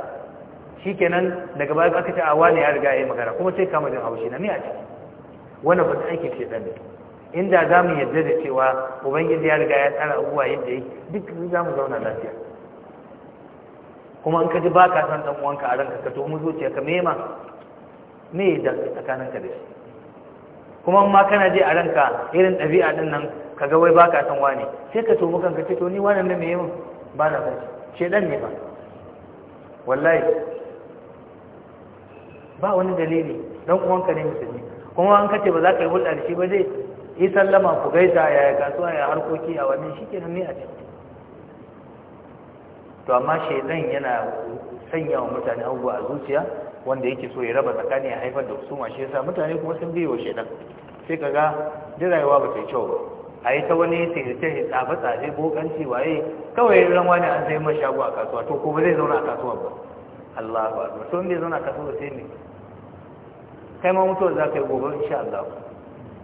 shikenan daga baya aka ce a wane ya riga ya yi magana kuma sai kama jin haushi na ne a ciki wannan ba aiki ce dan inda za mu yarda da cewa ubangiji ya riga ya tsara abubuwa yadda yake duk za mu zauna lafiya kuma in ka ji baka san dan uwanka a ranka ka tuhumi zuciya ka mema me da tsakanin ka da shi kuma ma kana ji a ranka irin ɗabi'a din nan ka ga wai baka san wani sai ka tuhumi kanka ce to ni wannan ne me min ba na san shi ɗan ne ba wallahi ba wani dalili dan uwanka ne musulmi kuma an kace ba za ka yi hulɗa da shi ba zai yi sallama ku gaisa yaya kasuwa ya harkoki a wannan shi ke ne a cikin to amma shaidan yana sanya wa mutane abubuwa a zuciya wanda yake so ya raba tsakani ya haifar da su shi yasa mutane kuma sun biyo wa shaidan sai kaga ga rayuwa ba ta kyau ba a yi ta wani sihirce tsafe tsafe bokanci waye kawai ran wani an sai mai a kasuwa to ko ba zai zauna a kasuwa ba Allah ba to in bai zauna a kasuwa sai ne kai ma mutuwa za ka yi gobe insha Allah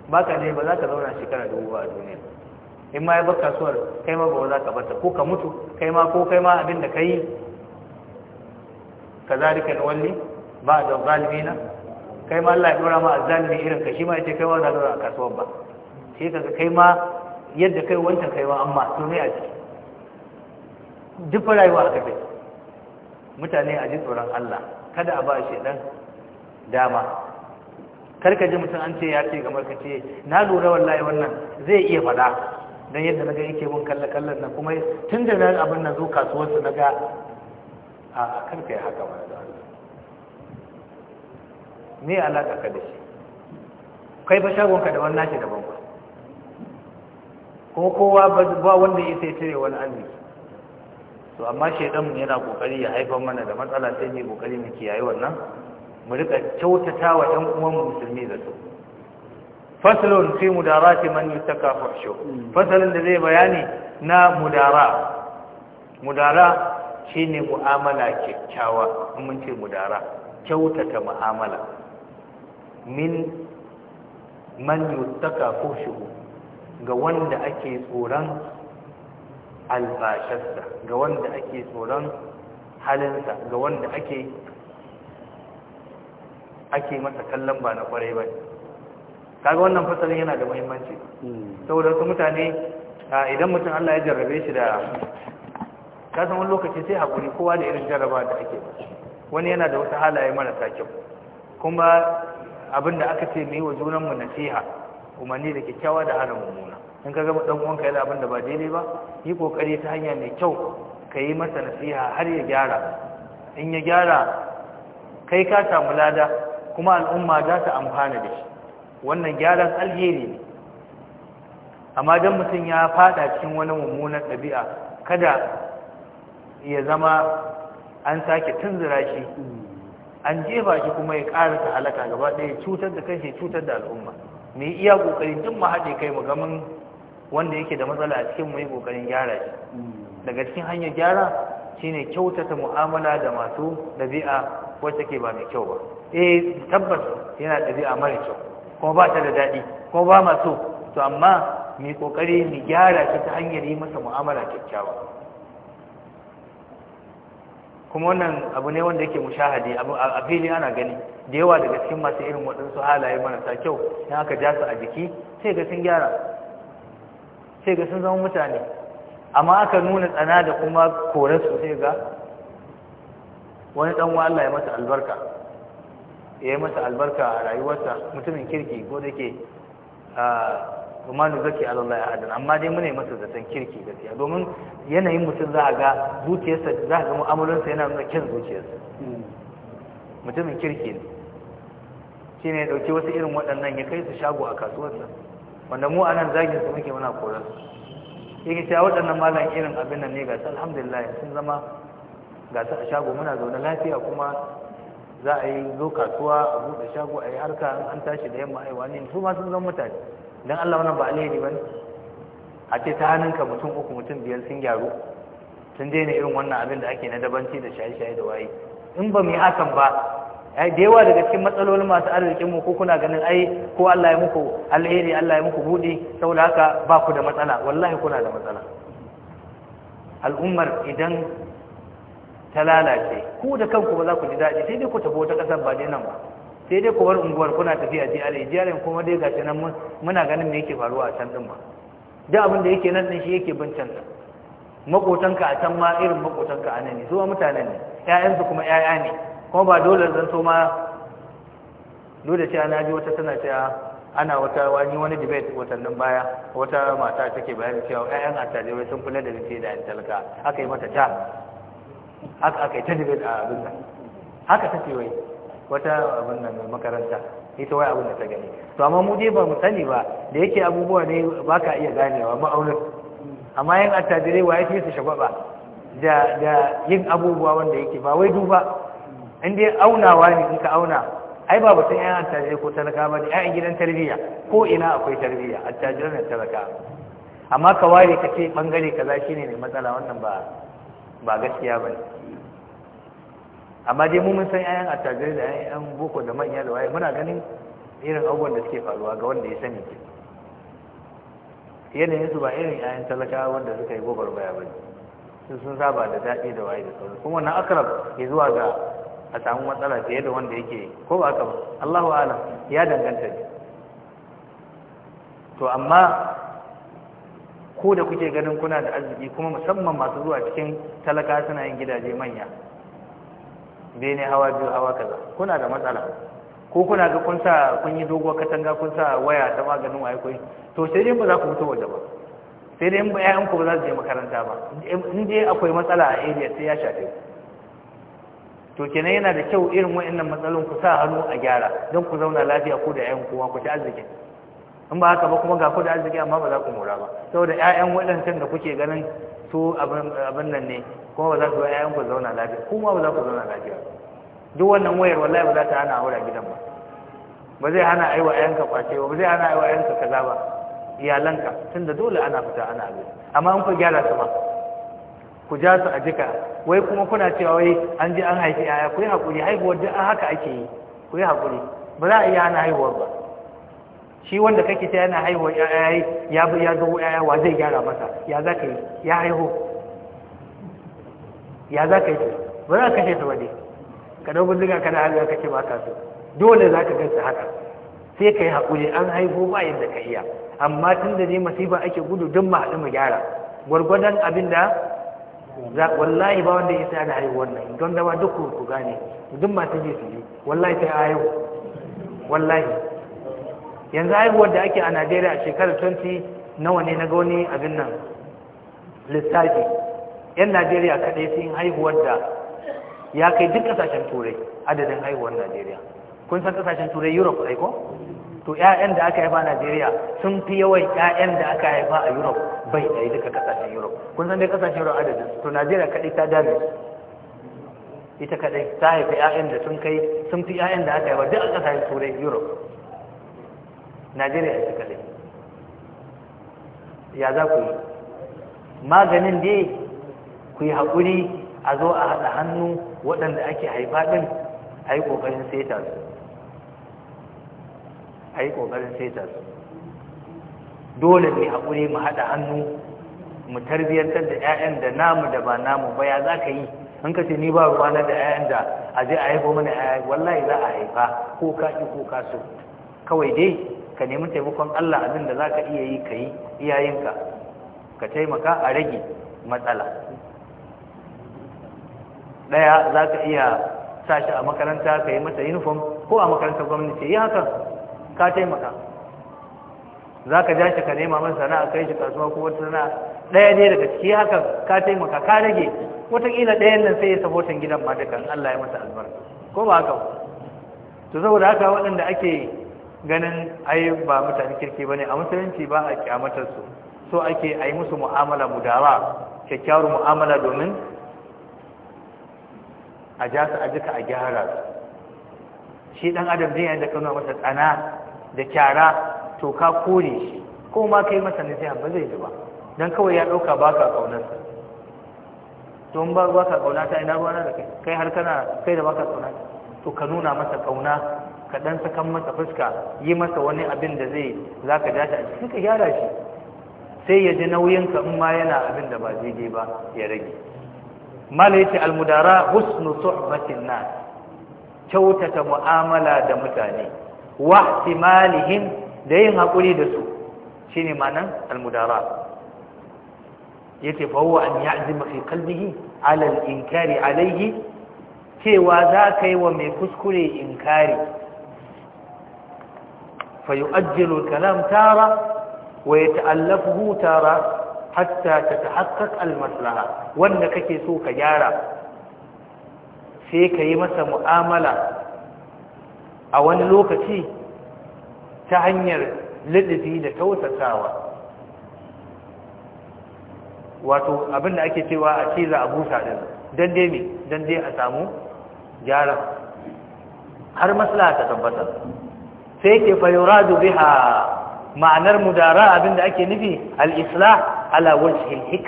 ba ka ne ba za ka zauna shekara dubu ba a duniya in ma ya bar kasuwar kai ma ba za ka ta ko ka mutu kai ma ko kai ma abin da kai kazalika walli ba da zalimina kai ma Allah ya dora ma azzalimi irin ka shi ma yace kai ma za ka dora a kasuwar ba sai kaga kai ma yadda kai wancan kai ma amma to ne a ciki duk rayuwa aka kai mutane a ji tsoron Allah kada a ba shi dan dama karka ji mutum an ce ya ce kamar ka ce na lura wallahi wannan zai iya faɗa don yadda na ga yake mun kalle kallon na kuma tun da na abin na zo kasuwarsu na ga a karfe haka mana da wani ne alaƙa ka da shi kai ba shagonka da wannan nashi daban ba kuma kowa ba wanda ya sai cire wani arziki to amma shaidan yana kokari ya haifar mana da matsala sai ne kokari mu kiyaye wannan mu rika kyautata wa ɗan uwan musulmi da su fasalon fi ce man taka fuhshu hmm. fasalin da zai bayani na mudara mudara shine mu'amala kyakkyawa mun ce mudara kyautata mu'amala min man taka fuhshu ga wanda ake tsoron albashasta ga wanda ake tsoron halinsa ga wanda ake ake masa kallon ba na kwarai bai kaga wannan fasalin yana da muhimmanci hmm. saboda wasu mutane idan mutum Allah ya jarrabe shi da kasan wani lokaci sai hakuri kowa da irin jarraba da ake wani yana da wata halaye marasa kyau kuma abin da aka ce mu yi wa junanmu nasiha umarni da kyakkyawa da hana mummuna in ka gaba dan uwanka yana abin da ba daidai ba yi kokari ta hanya mai kyau ka yi masa nasiha har ya gyara in ya gyara kai ka samu lada kuma al'umma za ta amfana da shi wannan gyaran alheri ne amma don mutum ya fada cikin wani mummunan ɗabi'a kada ya zama an sake tunzura shi an jefa shi kuma ya ƙara ta halaka gaba ɗaya cutar da kanshi cutar da al'umma mai iya ƙoƙarin duk mu haɗe kai mu mun wanda yake da matsala a cikin mu yi ƙoƙarin gyara shi daga cikin hanyar gyara shine kyautata mu'amala da masu ɗabi'a wacce ke ba mai kyau ba eh tabbas yana ɗabi'a mara kyau ko ba ta da daɗi ko ba ma so to amma mai kokari mai gyara shi ta hanyar yi masa mu'amala kyakkyawa kuma wannan abu ne wanda yake mushahadi a fili ana gani da yawa daga cikin masu irin waɗansu halaye marasa kyau in aka ja su a jiki sai ga sun gyara sai ga sun zama mutane amma aka nuna tsana da kuma su sai ga wani ɗan Allah ya masa albarka ya yi masa albarka a rayuwarsa mutumin kirki ko da ke kuma da zaki alallah ya adana amma dai muna yi masa zaton kirki gaskiya domin yanayin mutum za a ga zuciyarsa za a ga mu'amalarsa yana nuna kyan zuciyarsa mutumin kirki ne shi ne ya ɗauki wasu irin waɗannan ya kai su shago a kasuwarsa wanda mu a nan zagin su muke muna korarsu yake cewa waɗannan malam irin abin nan ne ga alhamdulillah sun zama ga su a shago muna zaune lafiya kuma za a yi zo kasuwa a buɗe shago a yi harka an tashi da yamma aiwa ne su masu sun mutane don Allah wani ba alheri ba a ce ta hannunka mutum uku mutum biyar sun gyaru sun daina irin wannan abin da ake na dabanci da shaye-shaye da waye in ba mu yi hakan ba ai da yawa daga cikin matsalolin masu arzikin mu ko kuna ganin ai ko Allah ya muku alheri Allah ya muku buɗe saboda haka ba ku da matsala wallahi kuna da matsala al'ummar idan ta lalace ku da kanku ba za ku ji daɗi sai dai ku tafi wata ƙasar ba dai nan ba sai dai ku bar unguwar kuna tafiya jiyar jiyar kuma dai gashi nan muna ganin me yake faruwa a can din ba da abin da yake nan din shi yake bin can makotanka a can ma irin makotanka a nan ne su ma mutane ne ƴaƴansu kuma ƴaƴa ne kuma ba dole zan so ma dole ce ana ji wata tana cewa ana wata wani wani debate watannin baya wata mata take bayani cewa ƴaƴan attajirai sun kula da rike da talaka aka yi mata ta haka aka yi ta a abin nan haka ta wai wata abin nan makaranta ita wai abin da ta gani to amma mu dai ba mu sani ba da yake abubuwa ne ba ka iya ganewa ma'aunin amma yin attajirai wa yake su shagwaba da da yin abubuwa wanda yake ba wai duba in dai aunawa ne in ka auna ai ba batun yan attajirai ko talaka ba ne yan gidan tarbiyya ko ina akwai tarbiyya attajire da talaka amma ka ware ka ce bangare kaza shine ne matsala wannan ba ba gaskiya bane amma dai mu mun san ayan attajirai da ayan boko da manya da waye muna ganin irin abubuwan da suke faruwa ga wanda ya sani ke yanayin su ba irin ayan talakawa wanda suka yi gobar baya ba su sun saba da daɗi da waye da sauran kuma wannan akrab ya zuwa ga a samu matsala fiye da wanda yake ko ba ka ba Allahu a'lam ya danganta ne to amma ko da kuke ganin kuna da arziki kuma musamman masu zuwa cikin talaka suna yin gidaje manya bene hawa biyu hawa kaza kuna da matsala ko kuna ga kun sa kun yi doguwar katanga kun sa waya ta maganin waye koyi to sai dai ba za ku fito waje ba sai dai ba ƴaƴan ku ba za su je makaranta ba in dai akwai matsala a area sai ya shafe to kenan yana da kyau irin waɗannan matsalolin ku sa hannu a gyara don ku zauna lafiya ko da ƴaƴan kowa ku ci arziki in ba haka ba kuma ga da arziki amma ba za ku mora ba saboda ƴaƴan waɗancan da kuke ganin su abin nan ne kuma ba za ku ƴaƴan ku zauna lafiya kuma ba za ku zauna lafiya duk wannan wayar wallahi ba za ta hana aura gidan ba ba zai hana aiwa ƴaƴanka kwace ba ba zai hana aiwa ƴaƴanka kaza ba iyalanka tunda dole ana fita ana abin amma an ku gyara su ba ku ja su a jika wai kuma kuna cewa wai an je an haifi ƴaƴa ku yi haƙuri haihuwar duk haka ake yi ku yi haƙuri ba za a iya hana haihuwar ba shi wanda kake ta yana haihuwa yayi ya bi ya zo yaya wa zai gyara masa ya za ka yi ya haihu ya za ka yi ba za ka kashe ta wani ka dau bindiga kana haihuwa ka ce ba ka so dole za ka gansa haka sai ka yi haƙuri an haihu ba yadda ka iya amma tun da ne masifa ake gudu don mu haɗu mu gyara gwargwadon abin da wallahi ba wanda ya sa da haihuwar nan don da ba duk ku gane duk masu je su je wallahi sai a haihu wallahi yanzu haihuwar da ake a najeriya a shekarar 20 nawa ne na gauni abin nan lissafi yan najeriya kaɗai sun haihuwar da ya kai duk ƙasashen turai adadin haihuwar najeriya kun san ƙasashen turai europe aiko to 'ya'yan da aka haifa a najeriya sun fi yawan 'ya'yan da aka haifa a europe bai ɗaya duka ƙasashen europe kun san dai ƙasashen europe adadin to najeriya kaɗai ta dame ita kaɗai ta haifi 'ya'yan da sun kai sun fi 'ya'yan da aka haifa duk a ƙasashen turai europe najeriya ita kadai ya za ku yi maganin dai ku yi haƙuri a zo a haɗa hannu waɗanda ake haifa ɗin a yi ƙoƙarin seta su a yi ƙoƙarin seta su dole mai haƙuri mu haɗa hannu mu tarbiyyantar da 'ya'yan da namu da ba namu ba ya za ka yi in ka ce ni ba ruwana da 'ya'yan da a je a haifo mana 'ya'ya wallahi za a haifa ko ka ki ko ka so kawai dai ka nemi taimakon Allah abin da za ka iya yi ka yi iyayenka ka taimaka a rage matsala ɗaya za ka iya sa shi a makaranta ka yi masa uniform ko a makarantar gwamnati yi haka ka taimaka za ka ja shi ka nema masa sana'a kai shi kasuwa ko wata sana'a ɗaya ne daga ciki haka ka taimaka ka rage wataƙila ɗayan nan sai ya sabotan gidan ma dukan Allah ya masa albarka ko ba haka to saboda haka waɗanda ake ganin ai ba mutane kirki bane a musulunci ba a kyamatar su so ake a yi musu mu'amala dawa kyakkyawar mu'amala domin a ja su a jika a gyara su. shi dan adam zai yanda ka nuna masa tsana da kyara to ka kore shi ko ma yi masa nasiha ba zai yi ba don kawai ya dauka baka kaunarsa don ba ba ka kauna ta ina ruwa na da kai kai har kana kai da ba ka kauna to ka nuna masa ƙauna. ka dan sakan masa fuska yi masa wani abin da zai zaka ja shi a cikin ka gyara shi sai ya ji nauyin ka in ma yana abin da ba daidai ba ya rage mala yace almudara husnu suhbatin nas kyautata mu'amala da mutane wa ihtimalihim da yin hakuri da su shine ma'anar almudara yace fa huwa an ya'zima fi qalbihi ala al-inkari alayhi cewa za ka yi wa mai kuskure inkari فيؤجل الكلام تارة ويتألفه تارة حتى تتحقق المصلحة وانك كيسو كجارة سيك يمس مؤاملة أو أن لوكتي تهنير للذي لتوسى تاوى wato abin da ake cewa a ce za a busa din dan dai me dan dai a samu gyara har maslaha ta tabbatar sai yake fa yuradu biha ma'anar mudara abinda ake nufi al-islah ala wajhi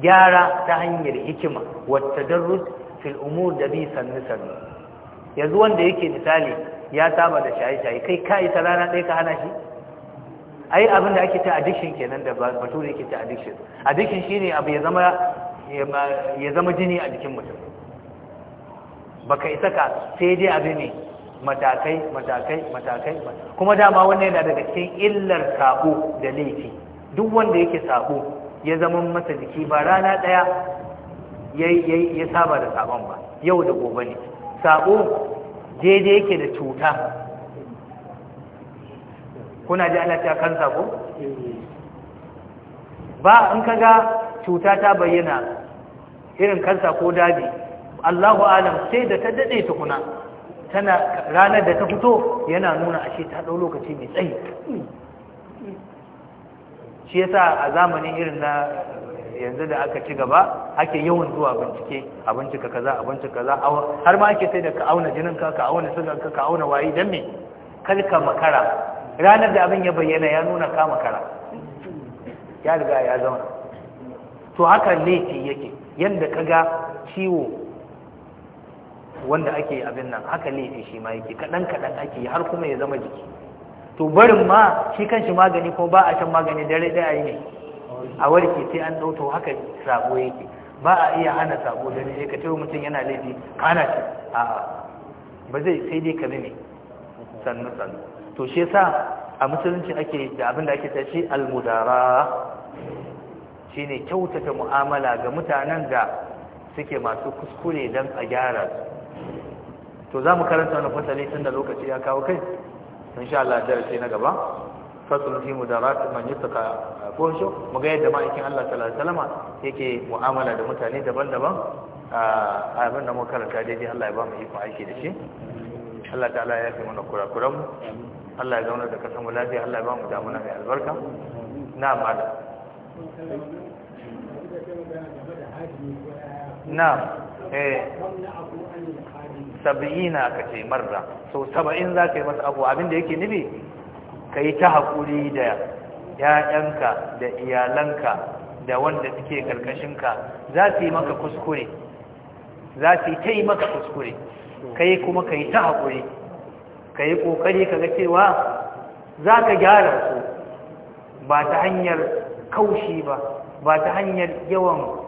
gyara ta hanyar hikima wata darus fil umur da bi sannu sannu yanzu wanda yake misali ya saba da shaye-shaye kai ka ita rana ɗaya ka hana shi ai abinda ake ta addiction kenan da batu da yake ta addiction addiction shine abu ya zama jini a jikin mutum baka isa ka sai dai abin ne matakai matakai matakai kuma dama wannan yana daga cikin illar sabo da laifi duk wanda yake sabo ya zama masa jiki ba rana ɗaya ya saba da sabon ba yau da gobe ne sabo daidai yake da cuta kuna ji ana ta kan sabo ba in kaga cuta ta bayyana irin kansa ko daji Allahu alam sai da ta dade tukuna tana ranar da ta fito yana nuna ashe ta ɗau lokaci mai tsayi shi ya sa a zamanin irin na yanzu da aka ci gaba ake yawan zuwa bincike abincika ka kaza za kaza har ma ake sai da ka auna jinin ka ka auna sugan ka ka auna wayi don me kalka makara ranar da abin ya bayyana ya nuna ka makara ya riga ya zama to haka laifi yake yadda ka ga ciwo wanda ake abin nan haka laifi shi ma yake kaɗan kaɗan ake har kuma ya zama jiki to barin ma shi kanshi magani ko ba a shan magani dare ɗaya ne a warke sai an ɗauto haka sabo yake ba a iya hana sabo dare sai ka ce mutum yana laifi kana shi a ba zai sai dai ka ne sannu sannu to shi yasa a musulunci ake da abin da ake tashi almudara shine kyautata mu'amala ga mutanen da suke masu kuskure dan a gyara su to za mu karanta wani fasali tun da lokaci ya kawo kai in sha Allah da darasi na gaba fasul fi mudarat man yutaka gosho mu ga yadda ma'aikin Allah sallallahu alaihi wasallam yake mu'amala da mutane daban-daban a abin da mu karanta dai Allah ya ba mu iko aiki da shi Allah ta'ala ya yi mana kurakuran mu Allah ya zauna da kasan mu lafiya Allah ya ba mu damuna mai albarka na mala na eh sab'ina ka ce marra so saba'in za ka yi masa abu abinda yake nufi ka yi ta haƙuri da ‘ya'yanka da iyalanka da wanda suke ƙarƙashinka za su yi maka kuskure za su yi ta yi maka kuskure ka yi kuma ka yi ta haƙuri ka yi ƙoƙari ka ga cewa za ka gyara su ba ta hanyar kaushi ba ba ta hanyar yawan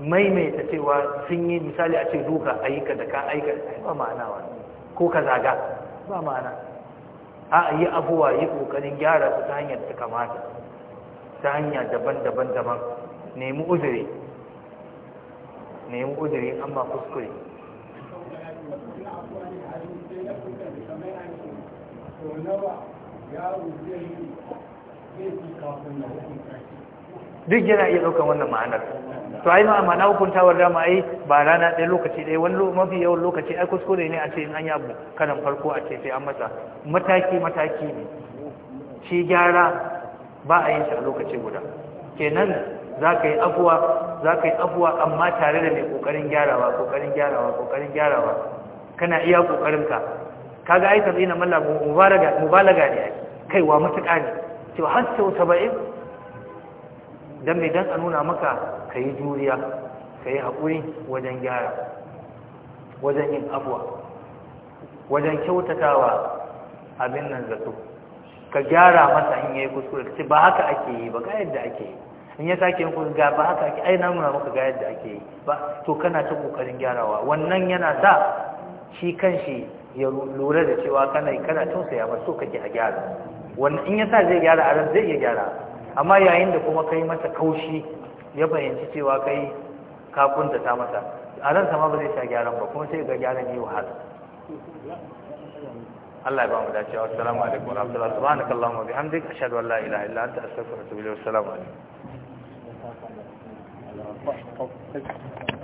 maimaita cewa sun yi misali a ce duka ayyuka da ka aika ba ma'ana wa ko ka zaga ba ma'ana a yi abuwa yi kokarin gyara su ta hanyar da kamata ta hanya daban-daban daban nemi uzuri nemi uzuri amma kuskure duk yana iya ɗaukar wannan ma'anar to ai ma amana na hukuntawar dama ai ba rana ɗaya lokaci ɗaya wani mafi yawan lokaci ai kuskure ne a ce in an yi abu karan farko a ce sai an matsa mataki mataki ne shi gyara ba a yin shi a lokaci guda kenan za ka yi afuwa za ka yi afuwa amma tare da mai kokarin gyarawa kokarin gyarawa kokarin gyarawa kana iya ka kaga ai tabi na mallaka mubalaga ne kaiwa mutuka ne to har sau 70 don mai don a nuna maka ka yi juriya ka yi haƙuri wajen gyara wajen yin abuwa wajen kyautatawa abin nan zato ka gyara masa in yi kuskure ka ce ba haka ake yi ba ga yadda ake yi in ya sake yin kuskure ba haka ake ai na nuna maka ga yadda ake yi ba to kana ta kokarin gyarawa wannan yana sa shi kan shi ya lura da cewa kana kana tausaya ba so kake a gyara wannan in ya sa zai gyara a zai iya gyara amma yayin da kuma kai masa kaushi ya fahimci cewa kai ka ta masa a ran sama ba zai sha gyaran ba kuma sai ga gyaran yi wahala Allah ya ba mu wa assalamu alaikum wa rahmatullahi subhanakallahumma wa bihamdika ashhadu an la ilaha illa anta astaghfiruka wa atubu ilayk assalamu alaikum